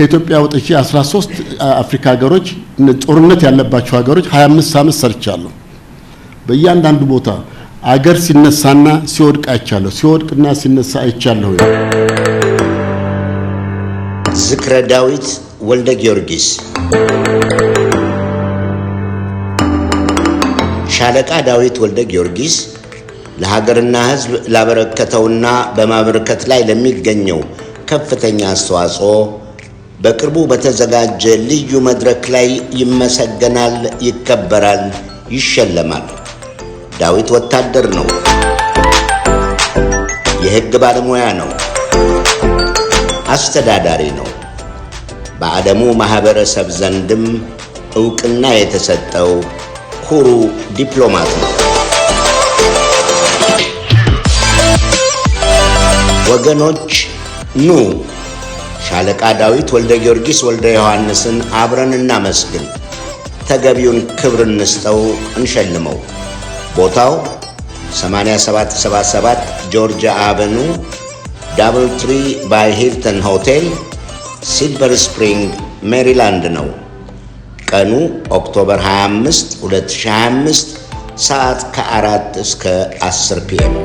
ከኢትዮጵያ ወጥቼ 13 አፍሪካ ሀገሮች ጦርነት ያለባቸው ሀገሮች 25 ዓመት ሰርቻለሁ። በእያንዳንዱ ቦታ አገር ሲነሳና ሲወድቅ አይቻለሁ። ሲወድቅና ሲነሳ አይቻለሁ። ዝክረ ዳዊት ወልደ ጊዮርጊስ ሻለቃ ዳዊት ወልደ ጊዮርጊስ ለሀገርና ሕዝብ ላበረከተውና በማበረከት ላይ ለሚገኘው ከፍተኛ አስተዋጽኦ በቅርቡ በተዘጋጀ ልዩ መድረክ ላይ ይመሰገናል፣ ይከበራል፣ ይሸለማል። ዳዊት ወታደር ነው። የሕግ ባለሙያ ነው። አስተዳዳሪ ነው። በዓለሙ ማኅበረሰብ ዘንድም ዕውቅና የተሰጠው ኩሩ ዲፕሎማት ነው። ወገኖች ኑ ሻለቃ ዳዊት ወልደ ጊዮርጊስ ወልደ ዮሐንስን አብረን እናመስግን። ተገቢውን ክብር እንስጠው፣ እንሸልመው። ቦታው 8777 ጆርጂያ አቨኑ ዳብል ትሪ ባይ ሂልተን ሆቴል ሲልቨር ስፕሪንግ ሜሪላንድ ነው። ቀኑ ኦክቶበር 25 2025 ሰዓት ከአራት እስከ 10 ፒኤም